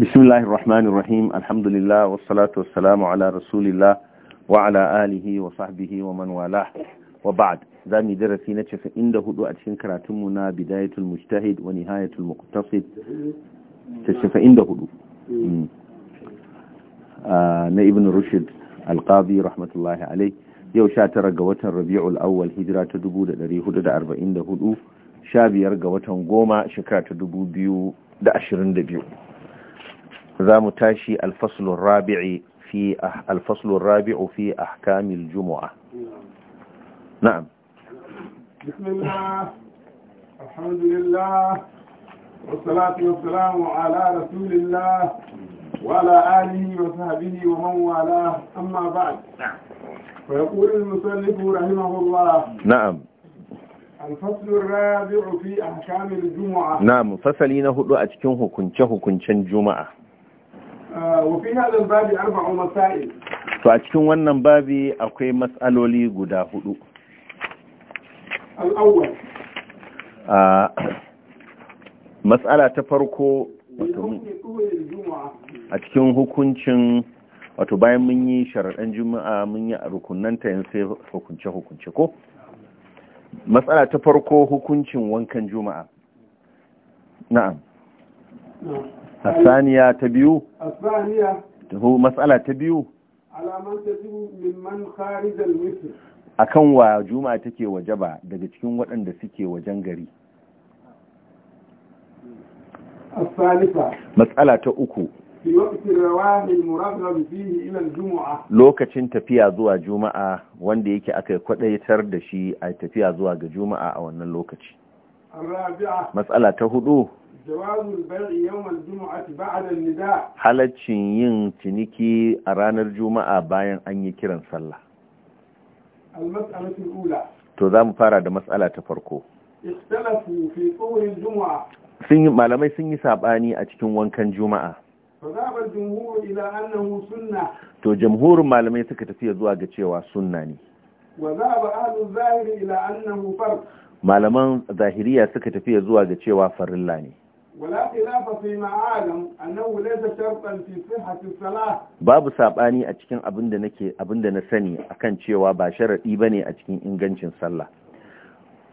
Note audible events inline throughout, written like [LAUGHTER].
بسم الله الرحمن الرحيم الحمد لله والصلاة والسلام على رسول الله وعلى آله وصحبه ومن والاه وبعد ذا زامي في نتشف عنده هدوء أتشين كراتمنا بداية المجتهد ونهاية المقتصد تشف عنده هدوء na ibn rushd alqazi rahmatullahi alai yau sha tara ga watan rabi'ul awwal hijira ta dubu da da da hudu arba'in hudu sha biyar ga watan za mu tashi alfasulun rabi'i fi alfaslun rabi'u fi ahkamil jumu'a na'am bismillah alhamdulillah wassalatu wassalamu ala rasulillah wa ala alihi wa sahbihi wa man wala amma ba'd فيقول المصنف رحمه rahimahullah na'am الفصل الرابع في أحكام الجمعة نعم فصلينه هدو أتكون هكونش هكونش الجمعة to a cikin wannan babi akwai matsaloli guda hudu matsala ta farko a cikin hukuncin wato bayan mun yi sharaɗan juma'a mun yi a rukunanta yin sai hukunce-hukunce ko matsala ta farko hukuncin wankan juma'a na'am الثانية تبيو الثانية هو مسألة تبيو ta biyu? تجب ممن akan wa juma'a take wajaba daga cikin waɗanda suke wajen gari matsala ta uku lokacin tafiya zuwa juma'a wanda yake aka kwadaitar da shi a tafiya zuwa ga juma'a a wannan lokaci matsala ta hudu jawazul bai'i yawmal jumu'ati ba'da an-nida halaccin yin ciniki a ranar juma'a bayan an yi kiran sallah al-mas'alatu al-ula to zamu fara da mas'ala ta farko ikhtalafu fi tuhur juma'a. jumua sun malamai sun yi sabani a cikin wankan juma'a fadhabar jumhur ila annahu sunna to jamhurin malamai suka tafi zuwa ga cewa sunna ne wa dhaba ahlu zahiri ila annahu fard malaman zahiriya suka tafiya zuwa ga cewa farilla ne ولا خلاف في معالم انه ليس شرطا في صحه الصلاه باب ساباني أتكين na sani akan cewa ba sharadi bane a cikin ingancin Sallah,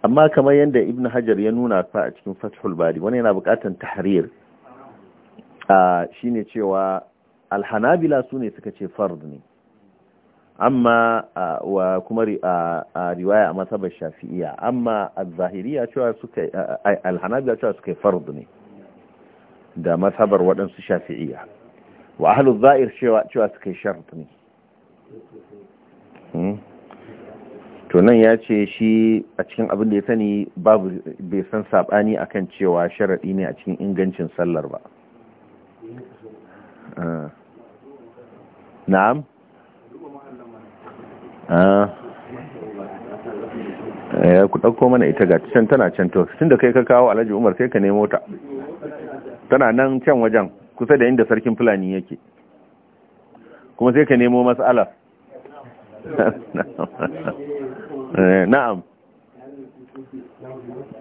amma kamar yadda ibn hajar ya nuna fa a cikin fathul bari wani yana bukatan tahrir a shine cewa alhanabila sune suka ce fard ne amma wa kuma riwaya a matsabar shafi'iya amma al-zahiriya cewa suka alhanabila cewa suka fard ne da masabar waɗansu shafi'iya wa ahlul za'ir cewa suka yi shart ne hmm? to nan ya ce shi a cikin abin da ya sani babu bai san sabani akan cewa sharaɗi ne a cikin ingancin sallar ba ah. na'am ya ah. eh, ku ɗauko mana ita ga can tana can to tun da kai ka kawo alhaji umar sai ka nemo ta tana nan can wajen kusa da inda sarkin fulani yake kuma sai ka nemo mas'ala [LAUGHS] eh, na'am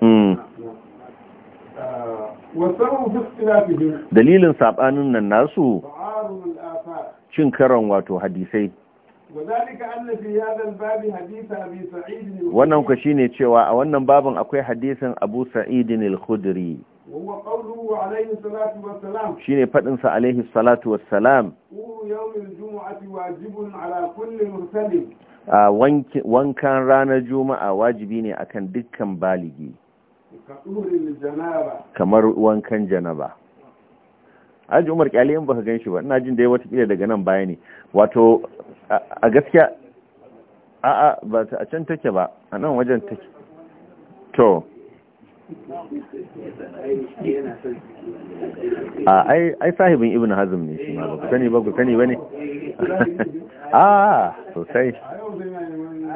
hmm. dalilin saɓanin nan nasu cin karon wato hadisai wannan ku shine cewa a wannan babin akwai hadisin abu sa'idin al-khudri shi ne faɗinsa alaihi salatu wassalam a wankan ranar juma'a wajibi ne akan dukkan baligi kamar wankan janaba aji umar kyale in baka gan shi ba ina jin da ya watakila daga nan baya ne wato a gaskiya a a ba ta a can take ba a nan wajen take to a ai sahibin ibn hazm ne shi ma ba ku sani ba ku sani ba ne [LAUGHS] a sosai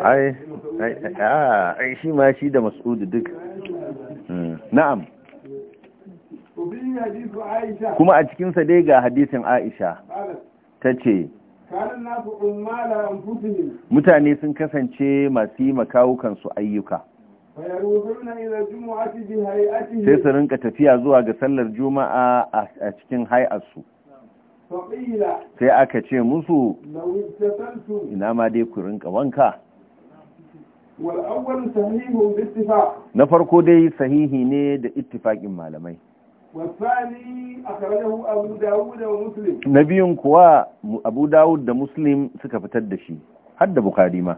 ai ai shi ma shi da mas'udu duk hmm, na'am kuma a cikinsa dai ga hadisin aisha ta ce mutane sun kasance masu yi su ayyuka sai su rinka tafiya zuwa ga sallar juma'a a cikin hai'arsu sai aka ce musu ina ma dai ku rinka wanka na farko dai sahihi ne da ittifaƙin malamai na biyun kuwa abu dawud da muslim suka fitar da shi har da bukari ma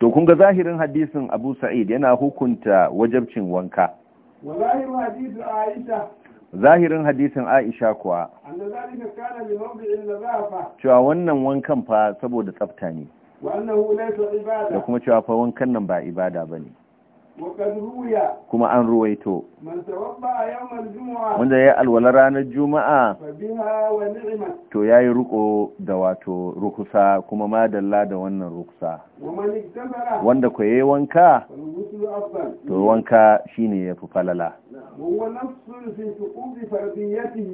to kun ga zahirin hadisin Abu Sa'id yana hukunta wajabcin wanka zahirin hadisin Aisha zahirin hadisin Aisha kuwa cewa wannan wankan fa saboda tsafta ne da kuma cewa fa wankan nan ba ibada bane kuma an ruwaito wanda ya alwala ranar juma'a to ya yi ruko da wato rukusa kuma madalla da wannan rukusa wanda ku wanka to wanka shine ya fi falala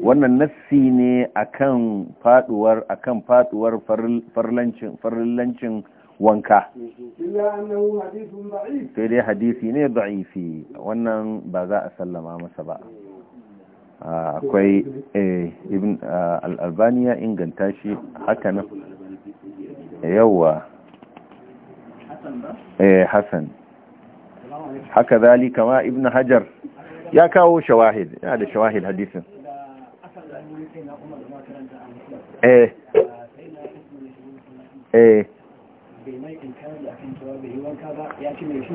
wannan nassi ne akan faduwar akan faduwar farlancin wanka sai dai hadisi ne da'ifi wannan ba za a sallama masa ba ah, akwai eh, ibn ah, ya inganta shi haka nan yawa eh hasan haka zali ma ibn hajar ya kawo shawahid Ya da shawahid hadisin eh eh bai yi wanka ba ya ci shi a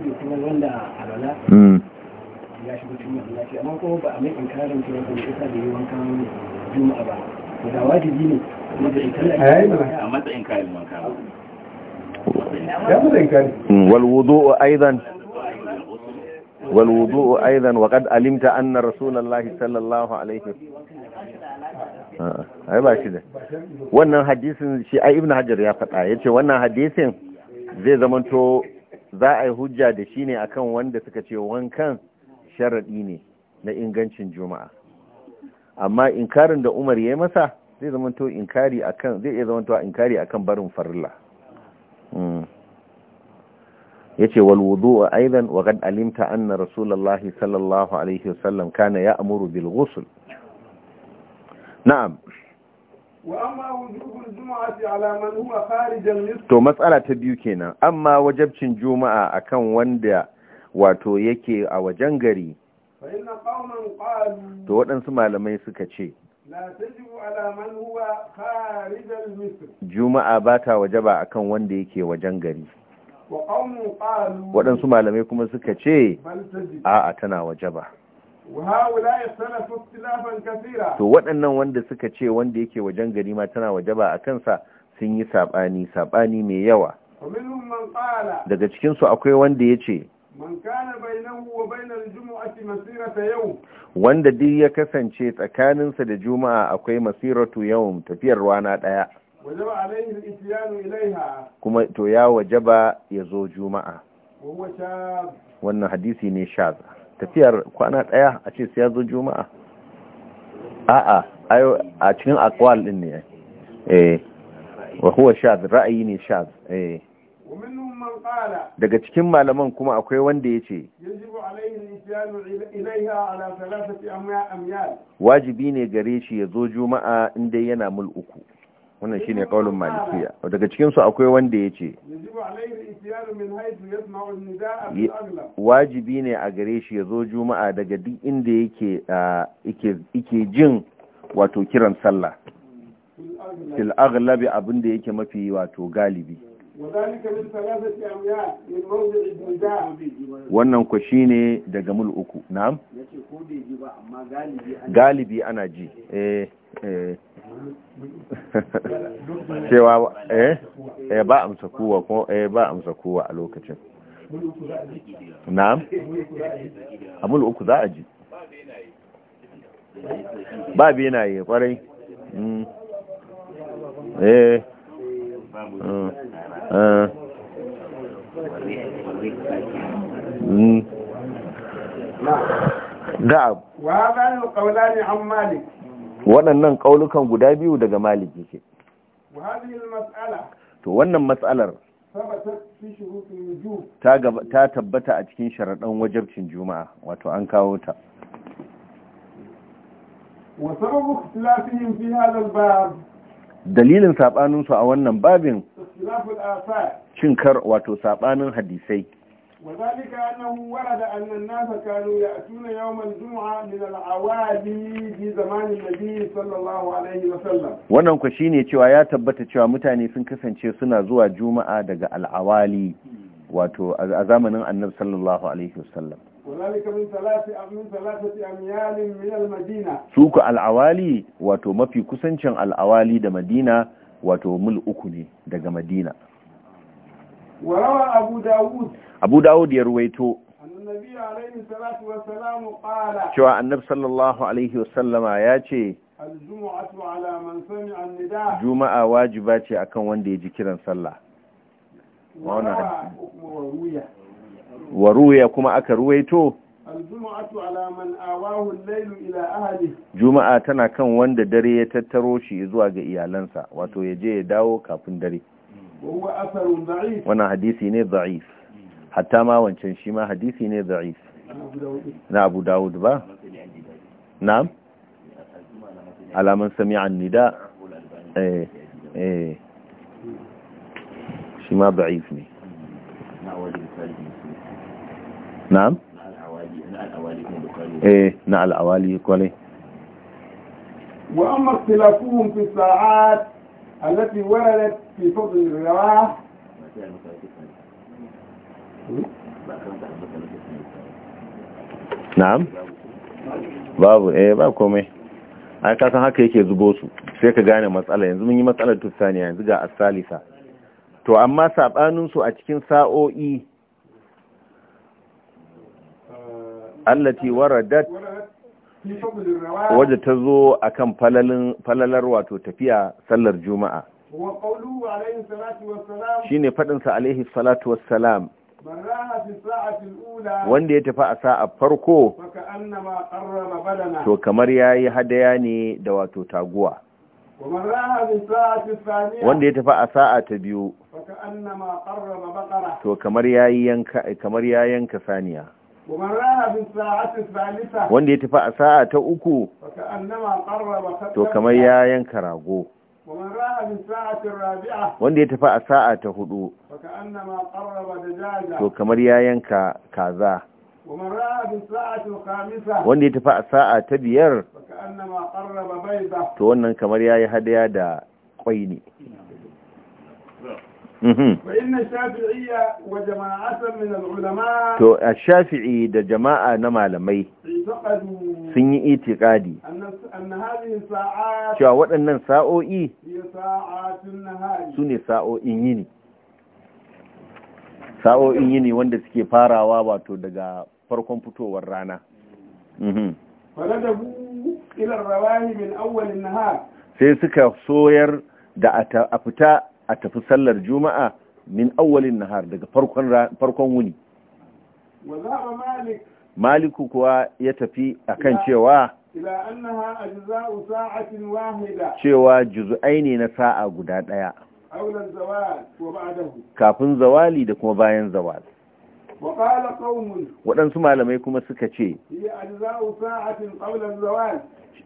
yi ba ne والوضوء والوضوء وقد علمت رسول الله صلى الله عليه وسلم wannan hadisin shi ai ibnu hajar ya faɗa yace wannan hadisin zai zamanto za a yi hujja da shi ne akan wanda suka ce wankan sharaɗi ne na ingancin juma'a amma inkarin da umar ya yi masa zai zamanto inkari akan zai iya zamanto inkari akan barin farilla hmm. yace wal wudu'u aidan wa qad alimta anna rasulullahi sallallahu alaihi wasallam kana ya'muru bil ghusl na'am to matsala ta biyu kenan amma wajabcin juma'a akan wanda wato yake a wajen gari to waɗansu malamai suka ce juma'a ba ta wajaba akan wanda yake wajen gari waɗansu malamai kuma suka ce a'a tana wajaba to waɗannan wanda suka ce wanda yake wajen ganima tana wajaba a kansa sun yi saɓani saɓani mai yawa daga cikinsu akwai wanda ya ce wanda duk ya kasance tsakaninsa da juma'a akwai masiratu yau tafiyar rana ɗaya kuma to ya waje ba ya zo juma'a wannan hadisi ne shaza tafiyar kwana daya a ce sai ya zo juma'a a'a a cikin akwal din ne eh wa huwa shadh ra'ayi ne shadh eh daga cikin malaman kuma akwai wanda ya ce wajibi ne gare shi ya zo juma'a inda yana mul uku wannan shine kaulin malikiya daga cikin su akwai wanda yace wajibi ne a gare shi yazo juma'a daga duk inda yake yake jin wato kiran sallah fil aghlabi abinda yake mafi wato galibi wannan ku shine daga mul uku na'am galibi ana ji eh eh [LAUGHS] cewa eh eh ba amsa kuwa eh ba amsa kuwa a lokacin na'am abul uku za a ji ba benaye kwarai mm. Eh. Mm. Mm. waɗannan ƙaulukan guda biyu daga maliki ce to wannan matsalar ta tabbata a cikin sharaɗan wajabcin juma'a wato an kawo ta dalilin saɓaninsu a wannan babin cin kar wato saɓanin hadisai وذلك أنه ورد أن الناس كانوا يأتون يوم الجمعة من العوادي في زمان النبي صلى الله عليه وسلم wannan ku shine cewa ya tabbata cewa mutane sun kasance suna zuwa juma'a daga al'awali wato a zamanin annabi sallallahu alaihi wasallam suku al'awali wato mafi kusancin al'awali da madina wato mul uku ne daga madina Abu Dawud ya ruwaito. Cewa annabi sallallahu Alaihi wasallama ya ce, Juma’a wajiba ce a wanda ya ji kiran sallah. Wauna kuma aka ruwaito. Juma’a tana kan wanda dare ya tattaro shi zuwa ga iyalansa, wato ya je ya dawo kafin dare. wannan hadisi ne da'if hatta ma wancan shi ma hadisi ne da'if na abu dawud ba na alaman sami'an nida eh eh shi ma da'if ne na'am eh na al'awali kwale wa amma ikhtilafuhum fi sa'at allati waradat na'am babu eh ba komai ai ka san haka yake zubo su sai ka gane matsala yanzu mun yi matsalar tussaniya yanzu ga asalisa to amma sabanin su a cikin sa'o'i allati waradat wadda ta zo akan falalin falalar wato tafiya sallar juma'a ne faɗinsa alaihi salatu wassalam wanda ya tafi a sa'a farko to kamar ya yi hadaya ne da wato taguwa wanda ya tafi a sa'a ta biyu to kamar ya yanka saniya wanda ya tafi a sa'a ta uku to kamar ya yanka rago wanda ya tafi a sa'a ta hudu to kamar ya yanka kaza wanda ya tafi a sa'a ta biyar to wannan kamar ya yi hadaya da kwai ne to a shafi'i da jama'a na malamai sun yi itikadi cewa waɗannan sa'o'i su ne sa'o'in yini sa'o'in yini wanda suke farawa wato daga farkon fitowar rana sai suka soyar da a fita a tafi sallar juma'a min awwalin nahar daga farkon wuni maliku kuwa ya tafi akan cewa ila annaha ajza'u sa'atin wahida cewa juz'ai ne na sa'a guda daya zawal ba'dahu kafin zawali da kuma bayan zawal wa qala qaumun wadansu malamai kuma suka ce ya ajza'u sa'atin qabla zawal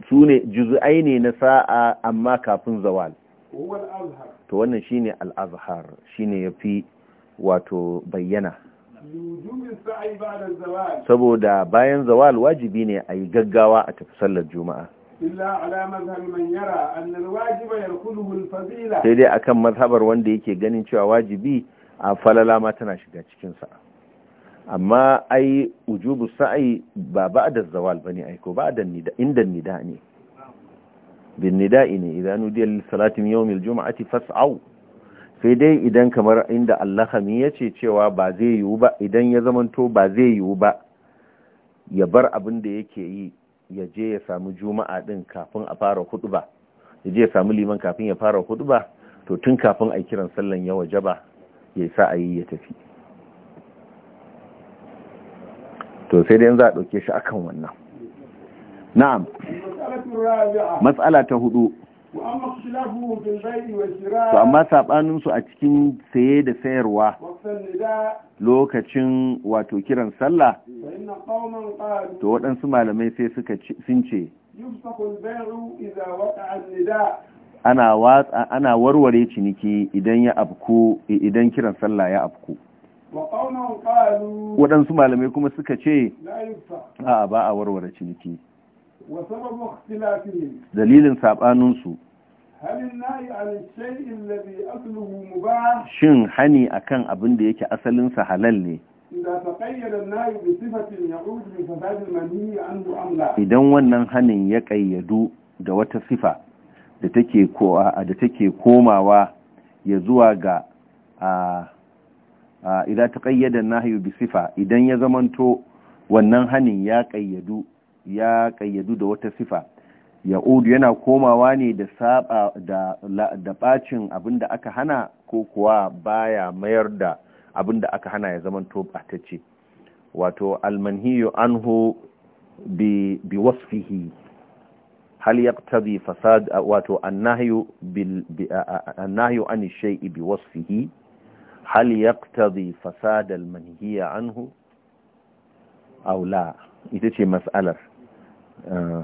sune juz'ai ne na sa'a amma kafin zawal huwa al-azhar to wannan shine al-azhar shine yafi wato bayyana saboda bayan zawal wajibi ne a yi gaggawa a tafi sallar juma'a sai dai akan mazhabar wanda yake ganin cewa wajibi a falala ma tana shiga cikinsa amma ai ujubu sa'ai ba ba da zawal bane ai ko ba da nida inda nida ne bin nida ne idan nudiya lil yawmil juma'ati fas'au sai dai idan kamar inda allahami ya ce cewa ba zai yiwu ba idan ya zamanto ba zai yiwu ba ya bar abin da yake yi ya je ya samu juma'a din kafin a fara ba? ya je ya samu liman kafin ya fara ba? to tun kafin a kiran sallan ya waje ba ya sa a yi ya tafi to sai dai za a ɗauke shi akan wannan na'am matsala ta hudu to amma saɓaninsu a cikin saye da sayarwa lokacin wato kiran sallah to waɗansu malamai sai suka sun ce ana warware ciniki idan ya afku idan kiran sallah ya afku waɗansu malamai kuma suka ce a ba a warware ciniki dalilin saɓaninsu shin hani akan abin da yake asalinsa halal ne idan wannan hanin ya ƙayyadu da wata sifa da take da take komawa ya zuwa ga idan ta ƙayyadar nahiyu bi sifa idan ya zamanto wannan hanin ya ƙayyadu ya kayyadu da wata sifa ya'udu yana komawa ne da saba da da bacin abinda aka hana ko kuwa baya mayar da abinda aka hana ya zama to batacce wato almanhiyu anhu bi bi wasfihi hal yaqtadi fasad wato annahyu bil annahyu an shay'i bi wasfihi hal yaqtadi fasad almanhiya anhu aw la ita ce mas'alar Eh,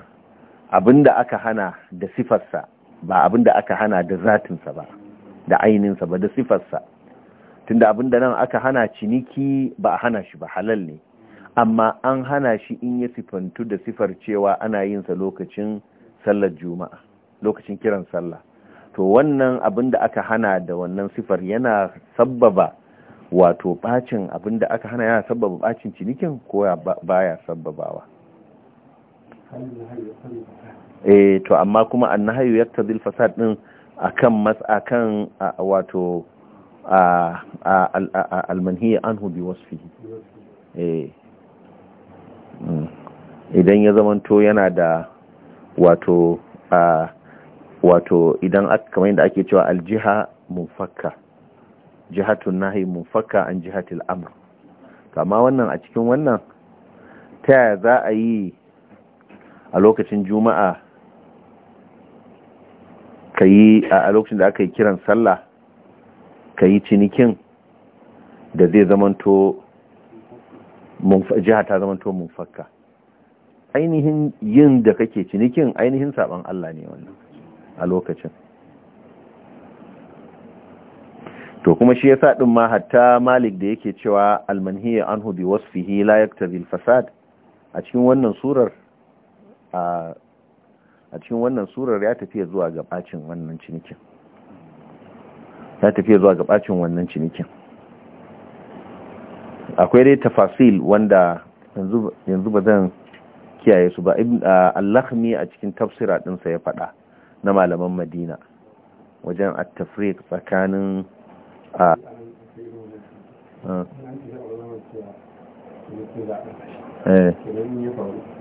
abinda aka hana da sifarsa ba abinda aka hana da zatinsa ba da ainihinsa ba da sifarsa tunda abinda nan aka hana ciniki ba a hana shi ba halal ne amma an hana shi in ya sifantu da sifar cewa ana yinsa lokacin sallar juma'a lokacin kiran sallah to wannan abin da aka hana da wannan sifar yana sabbaba wato bacin abin da aka hana yana sabbaba bacin cinikin ko baya sabbabawa eh to amma kuma annahayu yaktadil fasad din akan mas akan wato almanhi anhu bi wasfi eh mm. idan ya zamanto yana da wato wato idan kamar yadda ake cewa aljiha munfakka jihatun nahi munfakka an jihatil amr kama wannan a cikin wannan ta yaya za a yi a lokacin juma'a ka yi a lokacin da aka yi kiran sallah ka yi cinikin da zai zamanto jiha ta zamanto munfakka ainihin yin da kake cinikin ainihin saban Allah ne wannan a lokacin to kuma shi ya sa ɗin ma hatta Malik da yake cewa almanhiyar anhu bi wasfihi la yaktabi fasad a cikin wannan surar a cikin wannan surar ya tafiya zuwa ga bacin wannan cinikin ya tafiya zuwa ga bacin wannan cinikin akwai dai tafasil wanda yanzu ba zan kiyaye su ba Allah ne a cikin tafsira dinsa ya fada na malaman madina wajen at-tafriq tsakanin a eh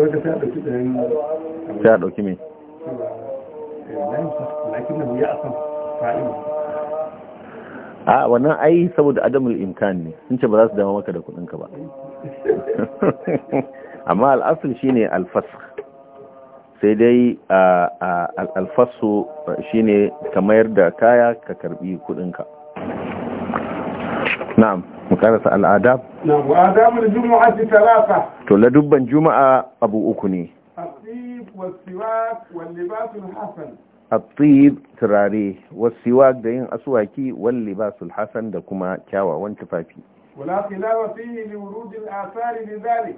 wata ta ɗauki mai a wannan ai saboda adamul imkan ne sun ce ba za su dama maka da kudinka ba [LAUGHS] amma al'asul shine alfasq sai dai shi shine ka mayar da kaya ka karbi kudinka na'am karasa al'adab? Nan, wa'adamun juma'a ji talata. To, ladubban juma'a abu uku ne. Atib, turare, wasiwak da yin asuwaki, walle ba su hasan da kuma kyawawan tufafi.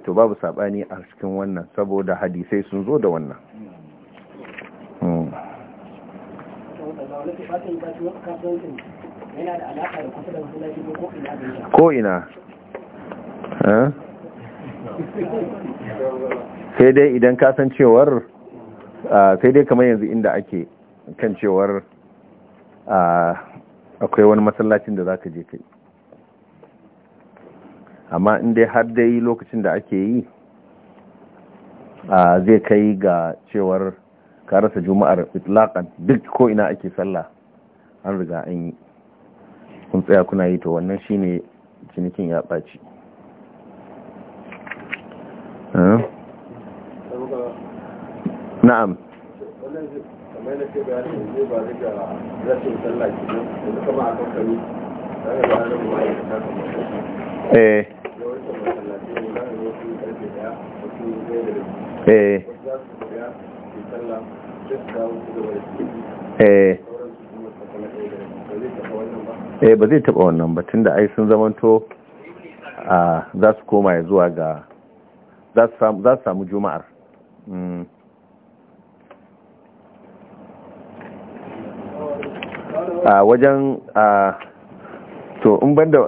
To, babu saɓani a cikin wannan, saboda hadisai sun zo da wannan. Hmm. ko'ina sai dai idan cewar sai dai kamar yanzu inda ake kan cewar akwai wani masallacin da za ka je kai amma in dai har dai lokacin da ake yi zai kai ga cewar karasa juma'ar itlaƙan duk koina ake sallah an riga an yi kun tsaya kuna yi to wannan shine cinikin ya ɓaci na'am eh eh, eh. eh ba zai taba wannan ba tunda ai sun zamanto a za su koma zuwa ga za su samu juma'ar mm. a wajen a to in banda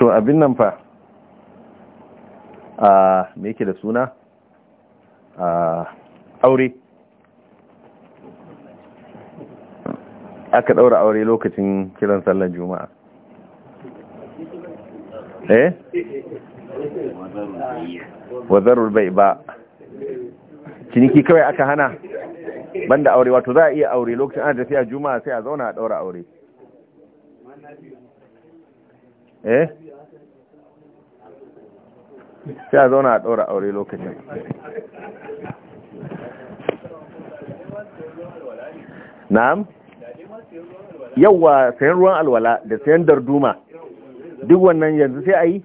to abin nan fa a me yake da suna a aure aka ɗaura aure lokacin kiran sallar juma'a eh wazarul bai ba ciniki kawai aka hana banda aure wato za a iya aure lokacin ana tafiya juma'a sai a zauna a ɗaura aure eh sai a zauna a ɗaura aure lokacin na'am yauwa sayan ruwan alwala da sayan darduma duk wannan yanzu sai a yi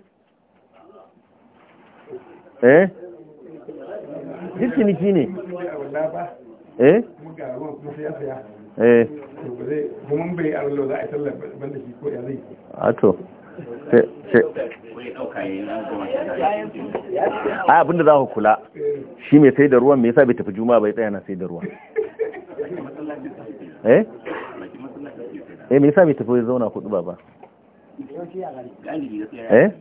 eh jikini ciniki ne eh eh a yi ato a abinda za ku kula shi mai sai da ruwan mai yasa bai tafi juma bai tsaya na sai da ruwan eh eh me yasa bai tafi ya zauna kudu ba ba eh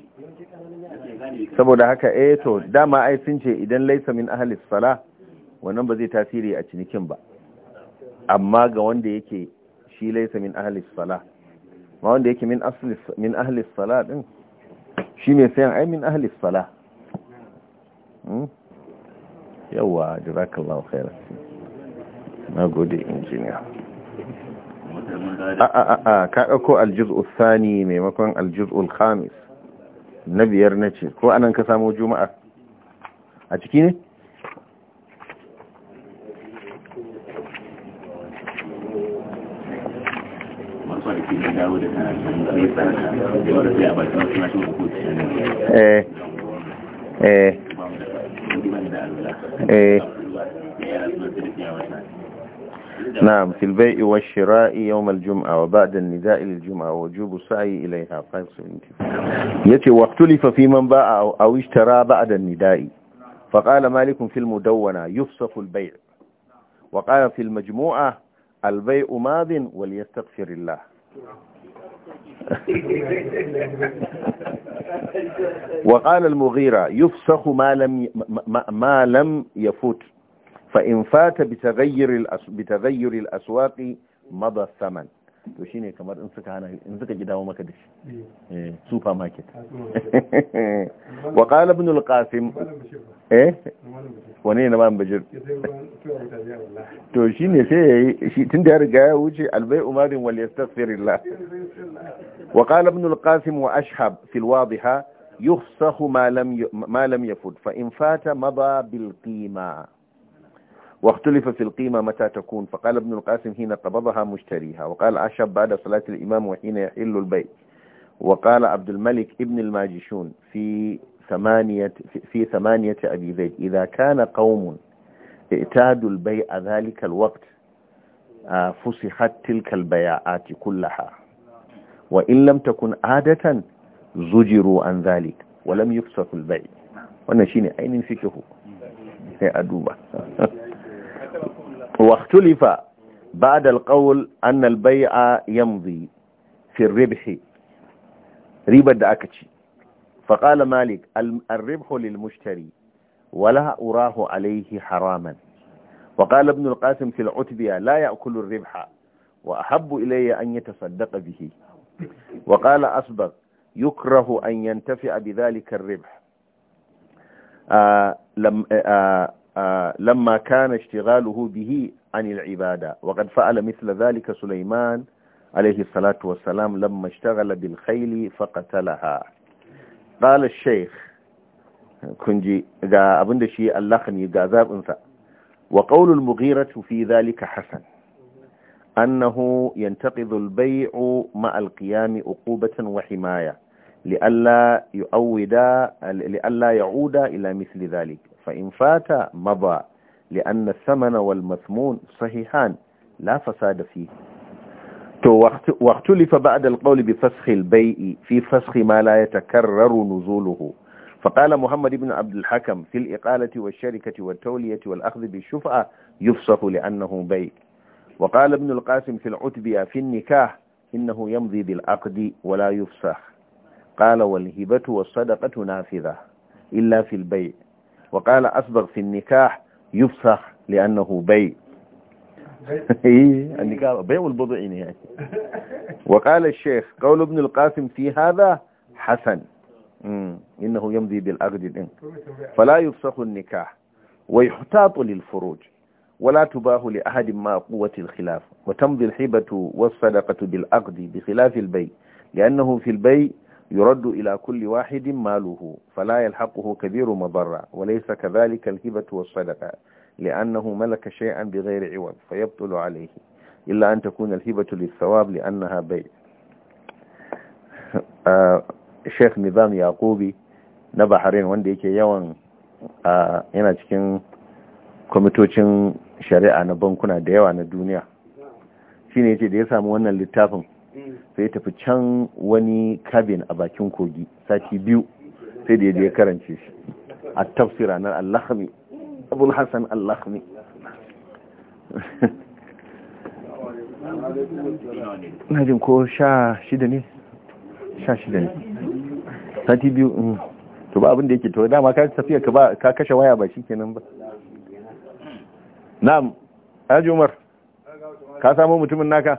saboda haka eh to dama ai sun ce idan laisa min ahli sala wannan ba zai tasiri a cinikin ba amma ga wanda yake shi laisa min ahli sala ma wanda yake min asli min ahli sala din shi ne sayan ai min ahli sala hmm? yawa jazakallahu khairan na gode injiniya a ka ɗauko aljuz'ul sani maimakon aljuz'ul khamis na biyar na ce ko anan ka samo juma'a a ciki ne eh eh eh نعم في البيع والشراء يوم الجمعة وبعد النداء للجمعة وجوب السعي إليها يتي واختلف في من باع أو اشترى بعد النداء فقال مالك في المدونة يفسخ البيع وقال في المجموعة البيع ماض وليستغفر الله [LAUGHS] وقال المغيرة يفسخ ما لم ما, ما لم يفوت fa'in fata bita bitagayyar aswaƙi mada saman to shi ne kamar in suka hana gida wa maka da shi supermarket wa ƙala bin alƙasim eh wane na ban bajir to shi ne sai ya yi tun da ya riga ya wuce albai umarin wal yastaghfirillah wa ƙala bin alƙasim wa ashab fil wadiha yufsahu ma lam yafud fa in fata mada bil qima واختلف في القيمة متى تكون فقال ابن القاسم حين قبضها مشتريها وقال عشب بعد صلاة الإمام وحين يحل البيع وقال عبد الملك ابن الماجشون في ثمانية, في ثمانية أبي زيد إذا كان قوم اعتادوا البيع ذلك الوقت آه، فسخت تلك البيعات كلها وإن لم تكن عادة زجروا عن ذلك ولم يفسخ البيع wannan أين فكه fikihu sai واختلف بعد القول أن البيع يمضي في الربح ربا دأكتشي فقال مالك الربح للمشتري ولا أراه عليه حراما وقال ابن القاسم في العتبية لا يأكل الربح وأحب إلي أن يتصدق به وقال اصبغ يكره أن ينتفع بذلك الربح آه لم آه، لما كان اشتغاله به عن العبادة وقد فعل مثل ذلك سليمان عليه الصلاة والسلام لما اشتغل بالخيل فقتلها قال الشيخ كنجي جا أبندشي شيء اللخني قا ذاب انثى وقول المغيرة في ذلك حسن أنه ينتقض البيع مع القيام عقوبة وحماية لئلا لئلا يعود إلى مثل ذلك فإن فات مضى لأن الثمن والمثمون صحيحان لا فساد فيه تو واختلف بعد القول بفسخ البيع في فسخ ما لا يتكرر نزوله فقال محمد بن عبد الحكم في الإقالة والشركة والتولية والأخذ بالشفعة يفسخ لأنه بيع وقال ابن القاسم في العتبية في النكاح إنه يمضي بالعقد ولا يفسخ قال والهبة والصدقة نافذة إلا في البيع وقال أصبغ في النكاح يفسخ لأنه بيع [LAUGHS] إيه، النكاح بيع والبضع يعني وقال الشيخ قول ابن القاسم في هذا حسن إنه يمضي بالأغد فلا يفسخ النكاح ويحتاط للفروج ولا تباه لأحد ما قوة الخلاف وتمضي الحبة والصدقة بالأغد بخلاف البيع لأنه في البيع يرد إلى كل واحد ماله فلا يلحقه كبير مضرة وليس كذلك الهبة والصدقة لأنه ملك شيئا بغير عوض فيبطل عليه إلا أن تكون الهبة للثواب لأنها بيع الشيخ نظام ياقوبي na Bahrain wanda yake yawan yana cikin kwamitocin shari'a na bankuna da yawa na duniya shine yace da ya samu sai ya tafi can wani cabin a bakin kogi sati biyu sai da ya je karance shi a tafsira na allahami abul hassan allahami [LAUGHS] na jin ko sha shida ne sha shida ne sati biyu mm. to ba abin da yake to dama ka tafiya ka ba ka kashe waya ba shikenan ba na'am aji umar ka samu mutumin naka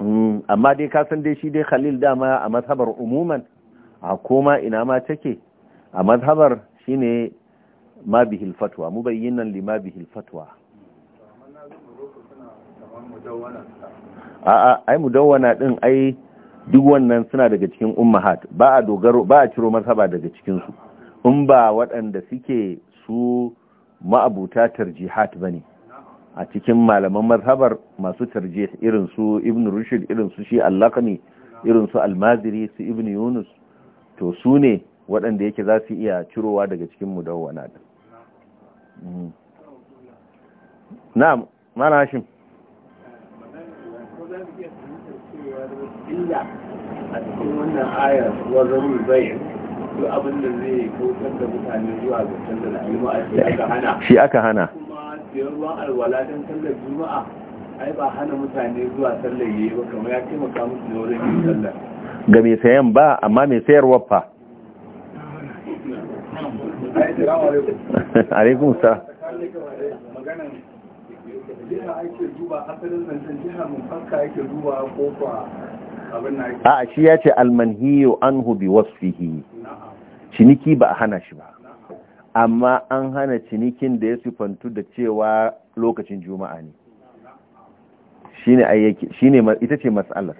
Mm, amma dai kasan dai shi dai khalil dama a mazhabar umuman a koma ina ma take a mazhabar shine ma bihil fatwa mubayyinan li ma bihil fatwa a'a ai mudawwana din ai duk wannan suna daga cikin ummahat ba a dogaro ba a ciro mazhaba daga cikin su in ba waɗanda suke su ma'abuta tarjihat bane a cikin malaman mazhabar masu tarjih irin su ibn rushd irin su shi allakani irin su almaziri su ibn yunus to su ne waɗanda yake za su iya cirowa daga cikin mudawwana da mm. da shi aka hana siyan ruwan alwala don sallar juma'a ai ba hana mutane zuwa sallar yayi ba kamar ya taimaka musu ne wurin yin sallar ga mai sayan ba amma mai sayarwa fa alaikum sa [LAUGHS] a shi ya ce almanhiyo an hubi wasu wasfihi ciniki ba a hana shi ba amma an hana cinikin da ya sifantu da cewa lokacin juma'a ne ne ita ce mas'alar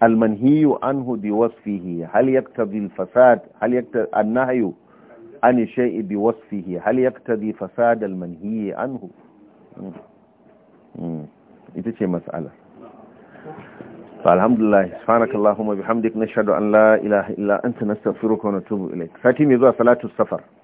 almanhiyu anhu bi wasfihi hal yaktabi bi fasad hal yaktabi an-nahyu an shay'i bi wasfihi hal bi fasad almanhiyu an hmm, hmm, ita ce mas'alar alhamdulillah subhanakallahumma bihamdik nashhadu an la ilaha illa anta nastaghfiruka wa natubu ilayk sati mai zuwa salatu safar